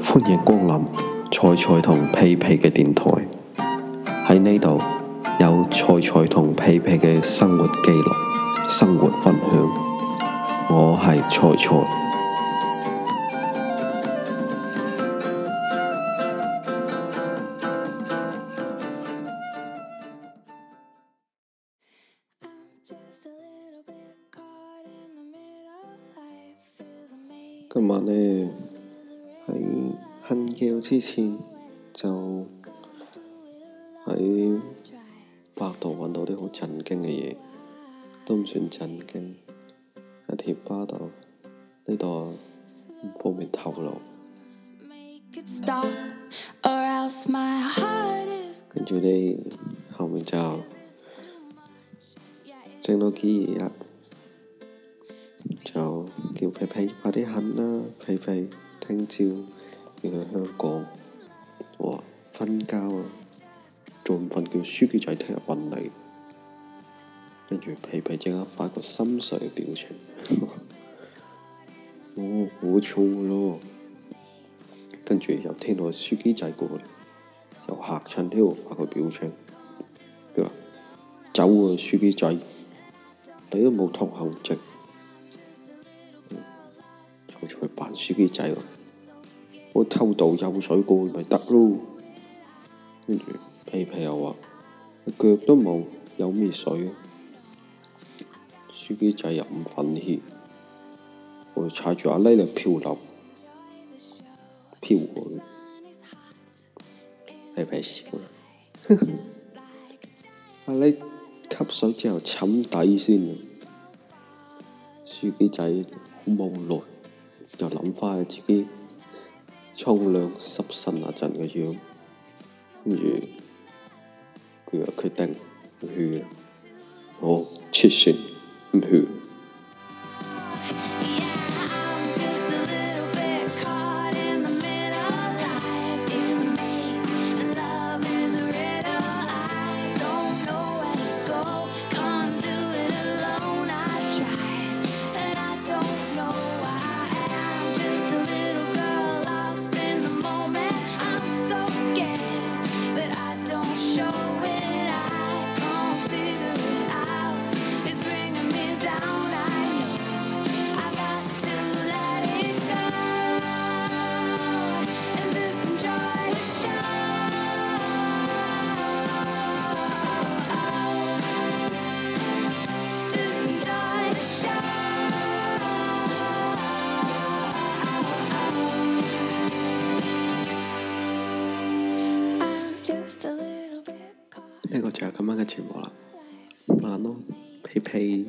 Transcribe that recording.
歡迎光臨，菜菜同屁屁嘅電台，喺呢度有菜菜同屁屁嘅生活記錄、生活分享。我係菜菜。今日呢，喺瞓覺之前就喺百度揾到啲好震驚嘅嘢，都唔算震驚，喺貼吧度，呢度唔方便透露。跟住呢，後面就將到記憶啦。皮皮快啲瞓啦！皮皮聽朝要去香港，我瞓覺啊，仲唔瞓？叫司機仔聽日揾你，跟住皮皮即刻發個心碎嘅表情，我，我錯咯，跟住又聽到司機仔過嚟，又嚇親添，發個表情，佢話走啊司機仔，你都冇通行證。扮司機仔喎，我偷渡游水過咪得咯，跟住皮皮又話：腳都冇有咩水，司機仔又唔憤氣，我踩住吖狸嚟漂流，漂過，皮、哎、皮笑， 吖狸吸水之後沉底先，司機仔好無奈。又諗翻起自己沖涼濕身嗰陣嘅樣子，跟住佢又決定唔去，我癡線唔去。呢個就係今晚嘅全部啦，晚、啊、安，呸呸。